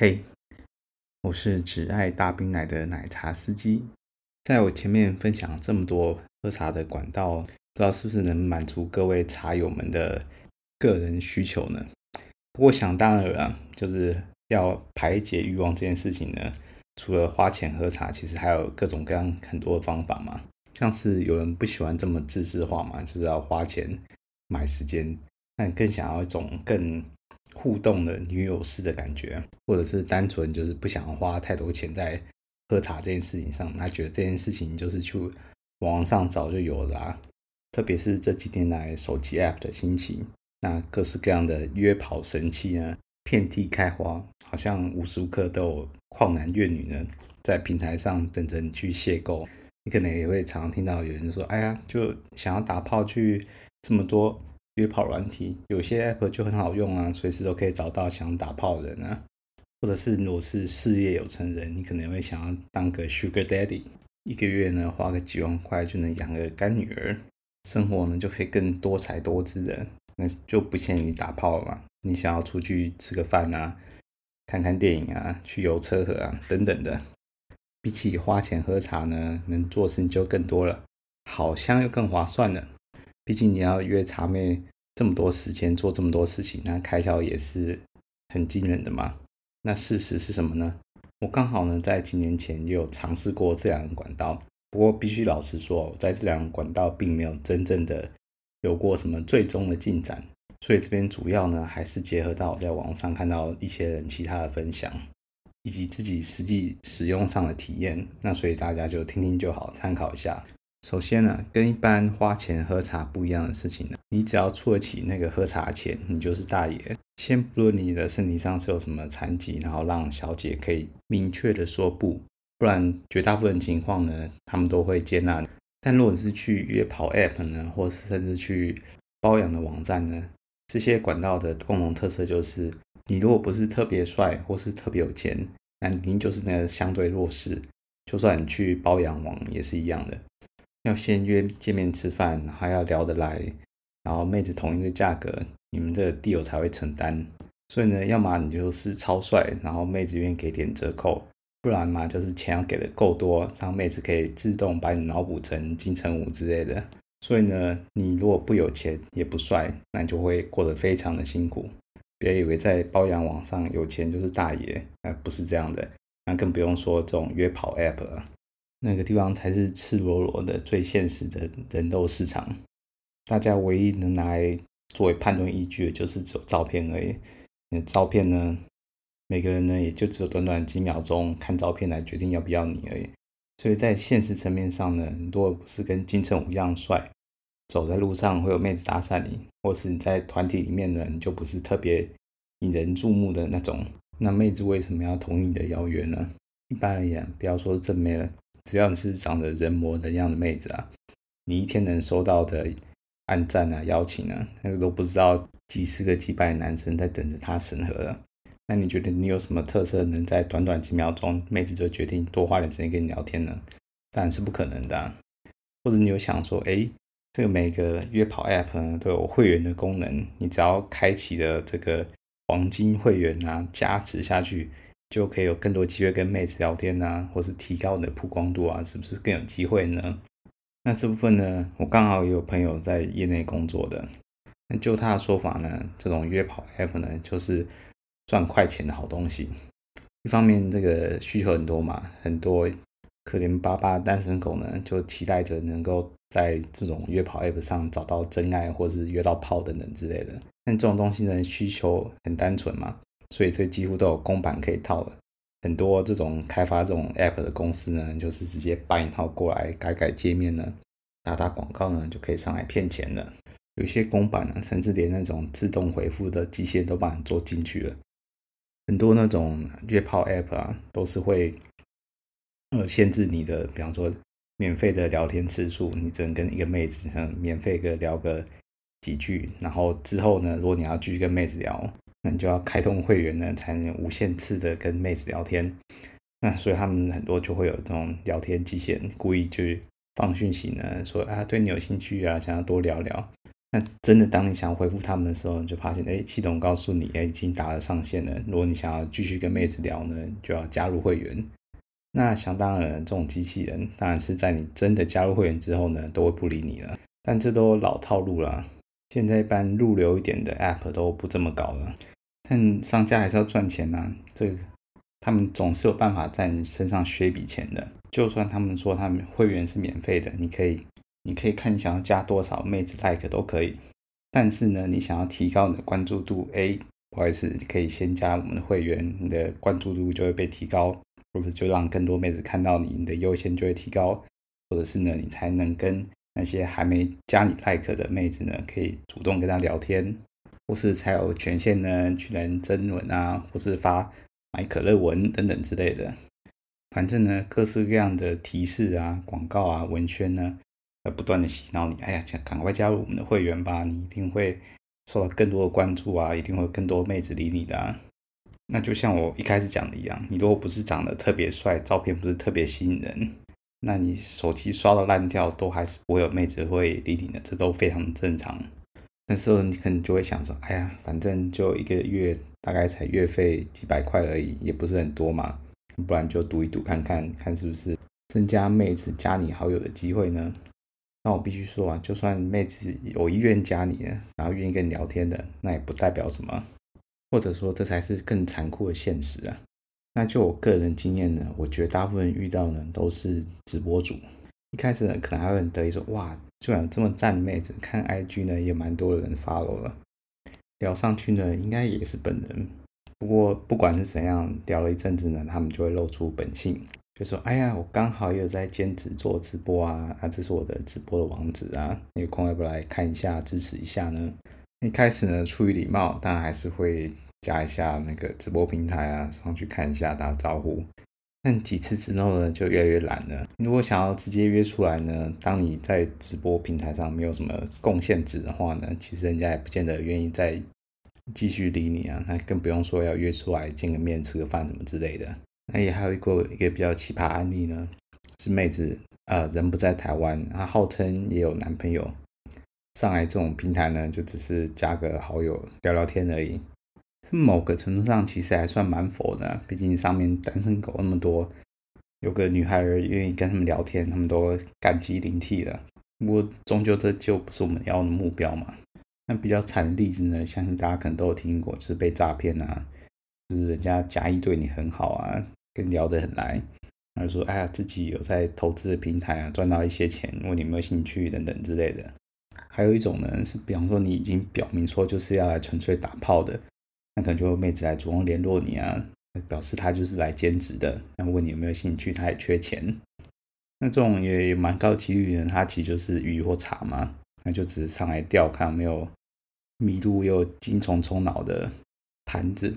嘿，hey, 我是只愛大冰奶的奶茶司機。在我前面分享了這麼多喝茶的管道，不知道是不是能滿足各位茶友們的個人需求呢？不過想當然了，就是要排解欲望這件事情呢，除了花錢喝茶，其實還有各種各樣很多的方法嘛。像是有人不喜歡這麼自私化嘛，就是要花錢買時間，但更想要一種更。互動的女友式的感覺，或者是單純就是不想花太多錢在喝茶這件事情上，那覺得這件事情就是去網上早就有了啊，特別是這幾天來手機 App 的興起，那各式各樣的約跑神器呢遍地開花，好像無時無刻都有曠男怨女呢在平台上等着你去邂逅。你可能也會常常聽到有人說：“哎呀，就想要打炮去這麼多。”約炮軟體，有些 App 就很好用啊，隨時都可以找到想打炮的人啊。或者是如果是事業有成人，你可能會想要當個 Sugar Daddy，一個月呢花個幾萬塊就能養個乾女兒，生活呢就可以更多彩多姿的。那就不限於打炮了嘛，你想要出去吃個飯啊，看看電影啊，去遊車河啊等等的。比起花錢喝茶呢，能做事就更多了，好像又更划算了。畢竟你要約茶妹這麼多時間做這麼多事情，那開銷也是很驚人的嘛。那事實是什麼呢？我剛好呢在幾年前也有嘗試過這兩個管道，不過必須老實說，我在這兩個管道並沒有真正的有過什麼最終的進展。所以這邊主要呢還是結合到我在網上看到一些人其他的分享，以及自己實際使用上的體驗。那所以大家就聽聽就好，參考一下。首先呢、啊，跟一般花錢喝茶不一樣的事情呢、啊，你只要出得起那個喝茶的錢，你就是大爺。先不論你的身體上是有什麼殘疾，然後讓小姐可以明確的說不，不然絕大部分情況呢，他們都會接納你。但如果你是去約跑 APP 呢，或是甚至去包養的網站呢，這些管道的共同特色就是，你如果不是特別帥或是特別有錢，那您就是那個相對弱勢。就算你去包養網也是一樣的。要先約見面吃飯，還要聊得來，然後妹子同意的價格，你們這個地友才會承擔。所以呢，要麼你就是超帥，然後妹子願意給點折扣；不然嘛，就是錢要給的夠多，讓妹子可以自動把你腦補成金城武之類的。所以呢，你如果不有錢，也不帥，那你就會過得非常的辛苦。別以為在包養網上有錢就是大爺，那不是這樣的。那更不用說這種約跑 APP 了。那個地方才是赤裸裸的，最現實的人肉市場。大家唯一能拿來作為判斷依據的就是走照片而已。那照片呢？每個人呢也就只有短短幾秒鐘看照片來決定要不要你而已。所以在現實層面上呢，你如果不是跟金城武一樣帥，走在路上會有妹子搭訕你，或是你在團體裡面呢，你就不是特別引人注目的那種。那妹子為什麼要同意你的邀約呢？一般而言，不要說正妹了。只要你是長得人模人樣的妹子啊，你一天能收到的按讚啊、邀請啊，那個都不知道幾十個幾百男生在等着她審核了、啊。那你覺得你有什麼特色，能在短短幾秒鐘，妹子就決定多花點時間跟你聊天呢？當然是不可能的、啊。或者你有想說，哎、欸，這個每個約跑 app 都有會員的功能，你只要開啟了這個黃金會員啊，加持下去。就可以有更多機會跟妹子聊天吶、啊，或是提高你的曝光度啊，是不是更有機會呢？那這部分呢，我剛好也有朋友在業內工作的，那就他的說法呢，這種約跑 app 呢，就是賺快錢的好東西。一方面，這個需求很多嘛，很多可憐巴巴的單身狗呢，就期待着能夠在這種約跑 app 上找到真愛，或是約到炮等等之類的。但這種東西呢，需求很單純嘛。所以這幾乎都有公版可以套了，很多這種開發這種 app 的公司呢，就是直接搬一套過來改改界面，呢，打打廣告呢，就可以上來騙錢了。有些公版呢，啊，甚至連那種自動回復的機械都幫你做進去了。很多那種約炮 app 啊，都是會呃限制你的，比方說免費的聊天次數，你只能跟一個妹子呃免費的聊個幾句，然後之後呢，如果你要繼續跟妹子聊。那你就要開通會員呢，才能無限次的跟妹子聊天。那所以他們很多就會有這種聊天機器人，故意就放訊息呢，說啊，對你有興趣啊，想要多聊聊。那真的當你想回復他們的時候，你就發現誒、欸、系統告訴你誒、欸、已經達了上限了。如果你想要繼續跟妹子聊呢，就要加入會員。那想當然，這種機器人當然是在你真的加入會員之後呢，都會不理你了。但這都老套路了。現在一般入流一點的 App 都不這麼搞了，但商家還是要賺錢吶、啊。這個他們總是有辦法在你身上削一筆錢的。就算他們說他們會員是免費的，你可以你可以看，你想要加多少妹子 like 都可以。但是呢，你想要提高你的關注度，哎，不好意思，你可以先加我們的會員，你的關注度就會被提高，或者就讓更多妹子看到你，你的優先就會提高，或者是呢，你才能跟。那些還沒加你 like 的妹子呢，可以主動跟她聊天，或是才有權限呢去人徵文啊，或是發買可樂文等等之類的。反正呢，各式各樣的提示啊、廣告啊、文宣呢，不斷的洗腦你。哎呀，趕快加入我們的會員吧，你一定會受到更多的關注啊，一定會有更多妹子理你的啊。那就像我一開始講的一樣，你如果不是長得特別帥，照片不是特別吸引人，那你手機刷到爛掉都還是不會有妹子會理你的，這都非常正常。那時候你可能就會想說，哎呀，反正就一個月大概才月費幾百塊而已，也不是很多嘛，不然就賭一賭看看看是不是增加妹子加你好友的機會呢？那我必須說啊，就算妹子有意願加你，然後願意跟你聊天的，那也不代表什麼，或者說這才是更殘酷的現實啊。那就我個人經驗呢，我覺得大部分遇到呢都是直播主。一開始呢，可能還有人得意說：“哇，居然這麼贊妹子，看 IG 呢也蠻多的人 follow 了。”聊上去呢，應該也是本人。不過不管是怎樣，聊了一陣子呢，他們就會露出本性，就說：“哎呀，我剛好也有在兼職做直播啊，啊，這是我的直播的網址啊，你有空要不來看一下，支持一下呢？”一開始呢，出於禮貌，當然還是會。加一下那個直播平台啊，上去看一下，打個招呼。但幾次之後呢，就越來越懶了。如果想要直接約出來呢，當你在直播平台上沒有什麼貢獻值的話呢，其實人家也不見得願意再繼續理你啊。那更不用說要約出來見個面、吃個飯什麼之類的。那也還有一個一個比較奇葩案例呢，是妹子啊、呃，人不在台灣，她號稱也有男朋友。上來這種平台呢，就只是加個好友聊聊天而已。某個程度上，其實還算蠻佛的啊，畢竟上面單身狗那麼多，有個女孩兒願意跟他們聊天，他們都感激零涕的。不過終究這就不是我們要的目標嘛。那比較慘的例子呢，相信大家可能都有聽過，就是被詐騙啊，就是人家假意對你很好啊，跟你聊得很來，然後說：“哎呀，自己有在投資的平台啊，賺到一些錢，問你有沒有興趣等等之類的。”還有一種呢，是比方說你已經表明說就是要來純粹打炮的。那可能就會妹子來主動聯絡你啊，表示他就是來兼職的，那問你有沒有興趣，他也缺錢。那這種也蠻高幾率的人，他其實就是魚或茶嘛，那就只是上來釣，看有沒有迷路，又精蟲衝腦的盤子。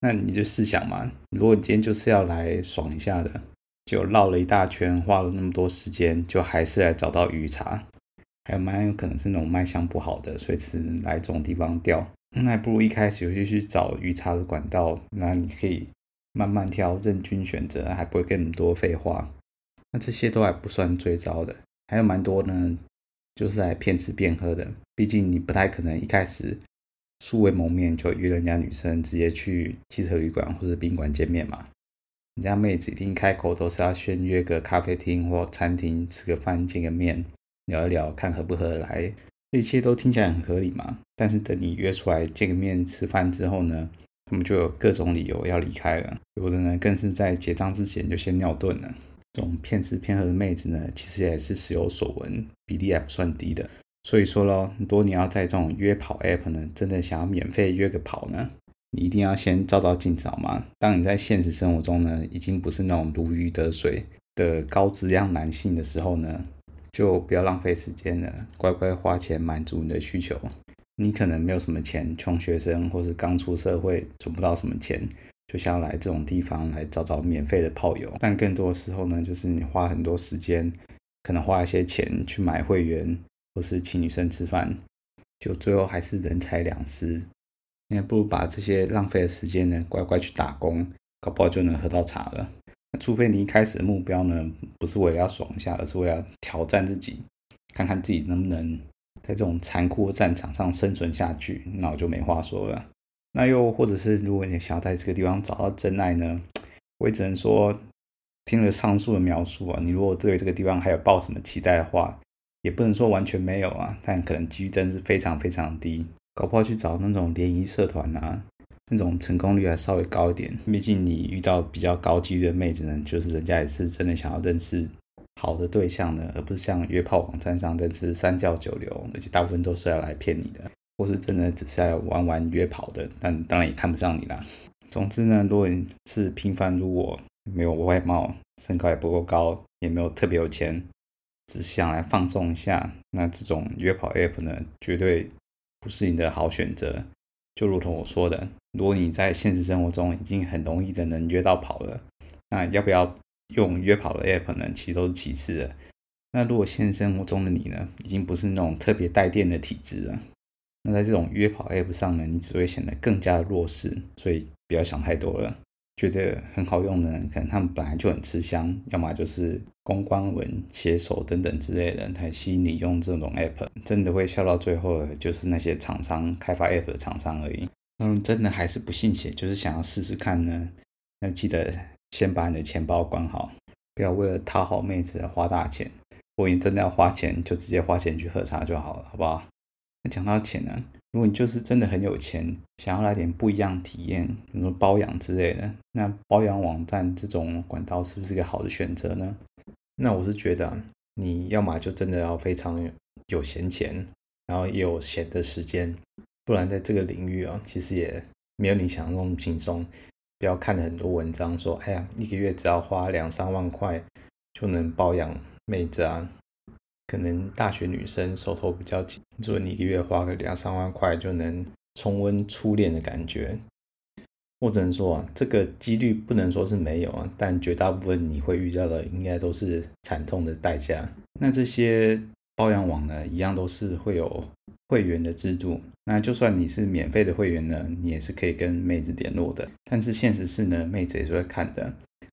那你就試想嘛，如果你今天就是要來爽一下的，就繞了一大圈，花了那麼多時間，就還是來找到魚茶，還有蠻有可能是那種賣相不好的，所以只能來這種地方釣。那還不如一開始就去找魚叉的管道，那你可以慢慢挑，任君選擇，還不會跟你多廢話。那這些都還不算最糟的，還有蠻多呢，就是來騙吃騙喝的。畢竟你不太可能一開始素未謀面就約人家女生直接去汽車旅館或者賓館見面嘛。人家妹子一定開口都是要先約個咖啡廳或餐廳吃個飯，見個面，聊一聊，看合不合得來。這一切都聽起來很合理嘛，但是等你約出來見個面吃飯之後呢，他們就有各種理由要離開了，有的呢更是在結賬之前就先尿遁了。這種騙吃騙喝的妹子呢，其實也是時有所聞，比例還不算低的。所以說咯，如果你要在這種約跑 app 呢，真的想要免費約個跑呢，你一定要先照照鏡子好嗎？當你在現實生活中呢，已經不是那種如魚得水的高質量男性的時候呢，就不要浪費時間了，乖乖花錢滿足你的需求。你可能沒有什麼錢，窮學生或是剛出社會存不到什麼錢，就想要來這種地方來找找免費的炮友。但更多的時候呢，就是你花很多時間，可能花一些錢去買會員，或是請女生吃飯，就最後還是人財兩失。你還不如把這些浪費的時間呢，乖乖去打工，搞不好就能喝到茶了。除非你一開始的目標呢，不是為了要爽一下，而是為了挑戰自己，看看自己能不能在這種殘酷的戰場上生存下去，那我就沒話說了。那又或者是如果你想要在這個地方找到真愛呢，我也只能說，聽了上述的描述啊，你如果對這個地方還有抱什麼期待的話，也不能說完全沒有啊，但可能幾率真的是非常非常低，搞不好去找那種聯誼社團啊。那種成功率還稍微高一點，畢竟你遇到比較高級的妹子呢，就是人家也是真的想要認識好的對象的，而不是像約炮網站上，認識三教九流，而且大部分都是要來騙你的，或是真的只是要來玩玩約跑的，但當然也看不上你啦。總之呢，如果你是平凡如我，沒有外貌，身高也不夠高，也沒有特別有錢，只是想來放鬆一下，那這種約跑 app 呢，絕對不是你的好選擇，就如同我說的。如果你在現實生活中已經很容易的能約到跑了，那要不要用約跑的 app 呢？其實都是其次的。那如果現實生活中的你呢，已經不是那種特別帶電的體質了，那在這種約跑 app 上呢，你只會顯得更加的弱勢。所以不要想太多了。覺得很好用的人，可能他們本來就很吃香，要麼就是公關文寫手等等之類的，他吸引你用這種 app，真的會笑到最後的，就是那些廠商開發 app 的廠商而已。嗯，真的還是不信邪，就是想要試試看呢。那記得先把你的錢包管好，不要為了討好妹子而花大錢。如果你真的要花錢，就直接花錢去喝茶就好了，好不好？那講到錢呢、啊，如果你就是真的很有錢，想要來點不一樣體驗，比如說包養之類的，那包養網站這種管道是不是一個好的選擇呢？那我是覺得，你要麼就真的要非常有閒錢，然後也有閒的時間。不然在這個領域啊，其實也沒有你想像中輕鬆。不要看很多文章說，哎呀，一個月只要花兩三萬塊就能包養妹子啊。可能大學女生手頭比較緊，說你一個月花個兩三萬塊就能重溫初戀的感覺。或者說啊，這個幾率不能說是沒有啊，但絕大部分你會遇到的應該都是慘痛的代價。那這些。包養網呢，一樣都是會有會員的制度。那就算你是免費的會員呢，你也是可以跟妹子聯絡的。但是現實是呢，妹子也是會看的。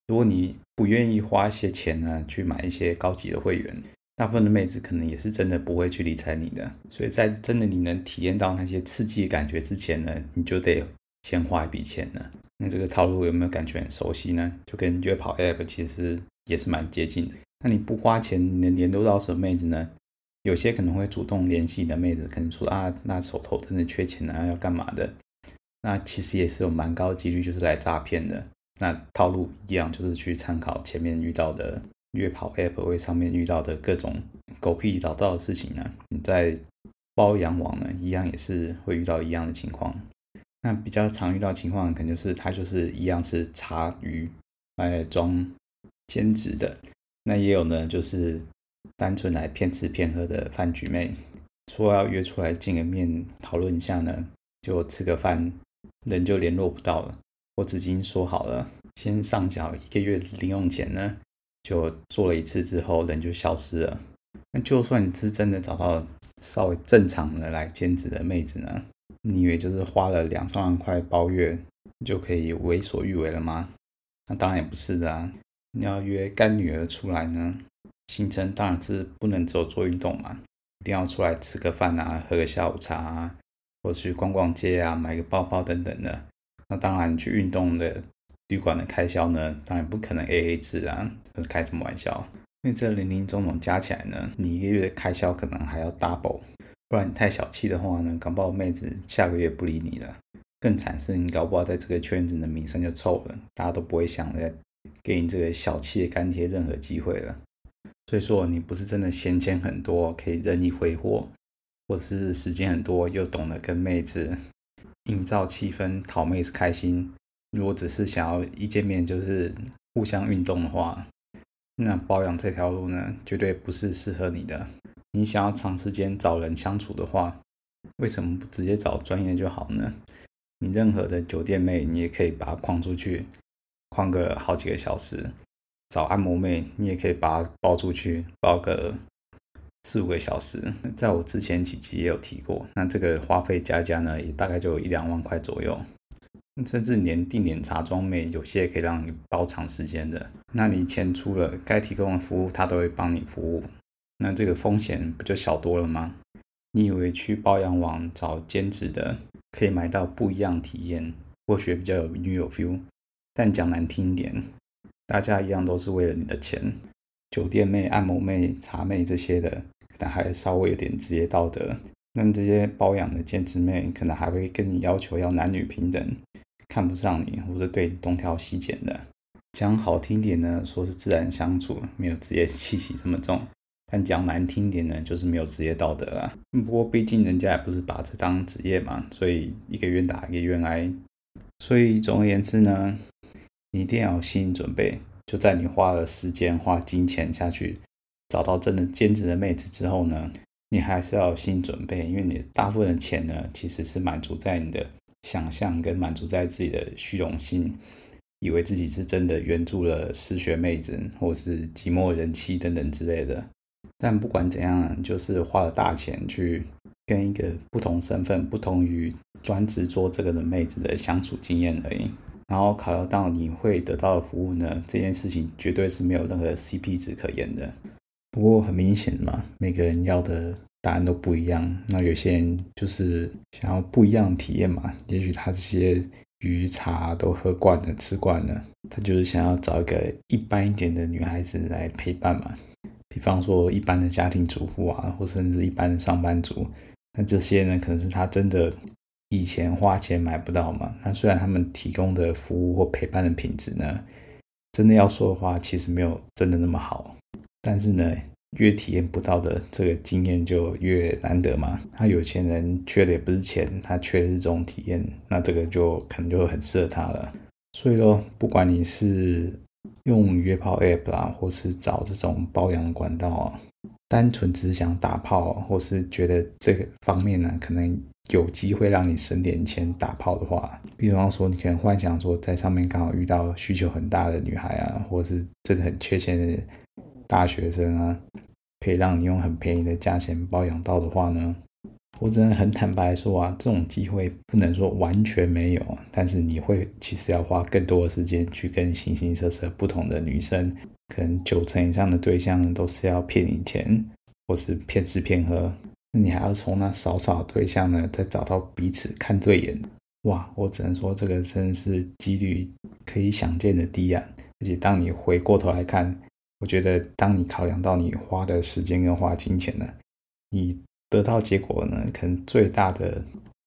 如果你不願意花一些錢呢，去買一些高級的會員，大部分的妹子可能也是真的不會去理睬你的。所以在真的你能體驗到那些刺激的感覺之前呢，你就得先花一筆錢呢。那這個套路有沒有感覺很熟悉呢？就跟約跑 app 其實也是蠻接近的。那你不花錢，你能聯絡到什麼妹子呢？有些可能會主動聯繫你的妹子，可能說啊，那手頭真的缺錢啊，要幹嘛的？那其實也是有蠻高的幾率，就是來詐騙的。那套路一樣，就是去參考前面遇到的約跑 app 上面遇到的各種狗屁倒灶的事情呢、啊。你在包養網呢，一樣也是會遇到一樣的情況。那比較常遇到的情況，可能就是他就是一樣是茶魚來裝兼職的。那也有呢，就是。單純來騙吃騙喝的飯局妹，說要約出來見個面討論一下呢，就吃個飯，人就聯絡不到了。我已經說好了，先上繳一個月零用錢呢，就做了一次之後，人就消失了。那就算你是真的找到稍微正常的來兼職的妹子呢，你以為就是花了兩三萬塊包月，你就可以為所欲為了嗎？那當然也不是的啊，你要約乾女兒出來呢。行程當然是不能只有做運動嘛，一定要出來吃個飯啊，喝個下午茶啊，或是去逛逛街啊，買個包包等等的。那當然去運動的旅館的開銷呢，當然不可能 AA 制啊，開什麼玩笑？因為這林林總總加起來呢，你一個月的開銷可能還要 double。不然你太小氣的話呢，搞不好妹子下個月不理你了。更慘是，你搞不好在這個圈子的名聲就臭了，大家都不會想着給你這個小氣的乾爹任何機會了。所以說，你不是真的閒錢很多可以任意揮霍，或者是時間很多又懂得跟妹子營造氣氛討妹子開心。如果只是想要一見面就是互相運動的話，那包養這條路呢，絕對不是適合你的。你想要長時間找人相處的話，為什麼不直接找專業就好呢？你任何的酒店妹，你也可以把她框出去，框個好幾個小時。找按摩妹，你也可以把她包出去，包個四五個小時。在我之前幾集也有提過，那這個花費加加呢，也大概就一兩萬塊左右。甚至連定點茶莊妹，有些也可以讓你包長時間的。那你錢出了，該提供的服務他都會幫你服務，那這個風險不就小多了嗎？你以為去包養網找兼職的，可以買到不一樣體驗，或許比較有女友 feel，但講難聽一點。大家一樣都是為了你的錢，酒店妹、按摩妹、茶妹這些的，可能還稍微有點職業道德。那這些包養的兼職妹，可能還會跟你要求要男女平等，看不上你，或者對你東挑西揀的。講好聽點呢，說是自然相處，沒有職業氣息這麼重；但講難聽點呢，就是沒有職業道德啊。不過畢竟人家也不是把這當職業嘛，所以一個願打一個願挨。所以總而言之呢。你一定要有心理準備，就在你花了時間、花金錢下去找到真的兼職的妹子之後呢，你還是要有心理準備，因為你大部分的錢呢，其實是滿足在你的想象跟滿足在自己的虛榮心，以為自己是真的援助了失學妹子或是寂寞人妻等等之類的。但不管怎樣，就是花了大錢去跟一個不同身份、不同於專職做這個的妹子的相處經驗而已。然後考慮到你會得到的服務呢，這件事情絕對是沒有任何 CP 值可言的。不過很明顯嘛，每個人要的答案都不一樣。那有些人就是想要不一樣的體驗嘛，也許他這些魚茶都喝慣了、吃慣了，他就是想要找一個一般一點的女孩子來陪伴嘛。比方說一般的家庭主婦啊，或甚至一般的上班族，那這些呢，可能是他真的。以前花錢買不到嘛？那雖然他們提供的服務或陪伴的品質呢，真的要說的話，其實沒有真的那麼好。但是呢，越體驗不到的這個經驗就越難得嘛。他有錢人缺的也不是錢，他缺的是這種體驗。那這個就可能就很適合他了。所以說，不管你是用約炮 app 啦，或是找這種包養管道，單純只是想打炮，或是覺得這個方面呢、啊，可能。有機會讓你省點錢打炮的話，比方說你可能幻想說在上面剛好遇到需求很大的女孩啊，或者是真的很缺錢的大學生啊，可以讓你用很便宜的價錢包養到的話呢，我真的很坦白說啊，這種機會不能說完全沒有，但是你會其實要花更多的時間去跟形形色色不同的女生，可能九成以上的對象都是要騙你錢，或是騙吃騙喝。那你還要從那少少對象呢，再找到彼此看對眼，哇！我只能說這個真是幾率可以想見的低啊。而且當你回過頭來看，我覺得當你考量到你花的時間跟花金錢呢，你得到結果呢，可能最大的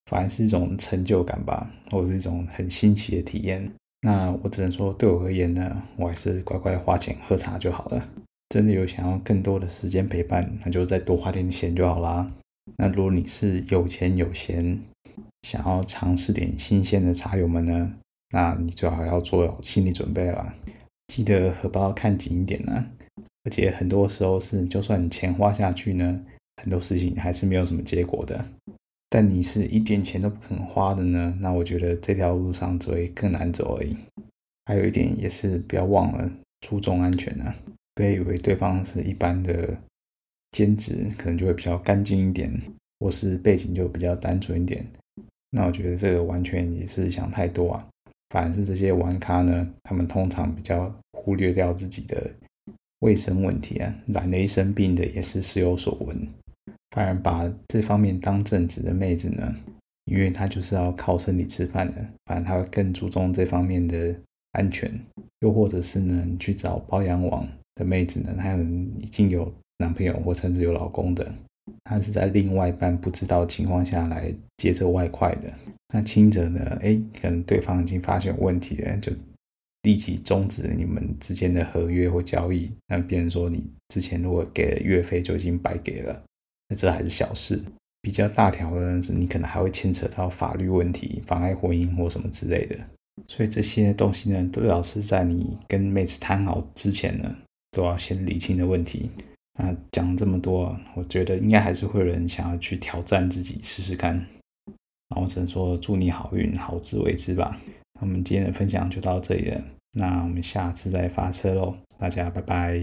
反而是一種成就感吧，或者是一種很新奇的體驗。那我只能說，對我而言呢，我還是乖乖花錢喝茶就好了。真的有想要更多的時間陪伴，那就再多花點錢就好啦。那如果你是有錢有閒，想要嘗試點新鮮的茶友們呢，那你最好要做心理準備啦，記得荷包看緊一點呢。而且很多時候是，就算你錢花下去呢，很多事情還是沒有什麼結果的。但你是一點錢都不肯花的呢，那我覺得這條路上只會更難走而已。還有一點也是不要忘了注重安全呢。別以為對方是一般的兼職，可能就會比較乾淨一點，或是背景就比較單純一點。那我覺得這個完全也是想太多啊！反而是這些玩咖呢，他們通常比較忽略掉自己的衛生問題啊，染了一身病的也是時有所聞。反而把這方面當正職的妹子呢，因為她就是要靠身體吃飯的，反而她會更注重這方面的安全，又或者是呢，去找包養網。的妹子呢，他們已經有男朋友或甚至有老公的，他是在另外一半不知道情況下來接這外快的。那輕者呢，哎，可能對方已經發現有問題了，就立即終止你們之間的合約或交易。那別人說你之前如果給了月費就已經白給了，那這還是小事。比較大條的是，你可能還會牽扯到法律問題，妨礙婚姻或什麼之類的。所以這些東西呢，都要是在你跟妹子談好之前呢。都要先理清的問題。那講了這麼多，我覺得應該還是會有人想要去挑戰自己試試看。那我只能說祝你好運，好自為之吧。那我們今天的分享就到這裡了，那我們下次再發車嘍，大家拜拜。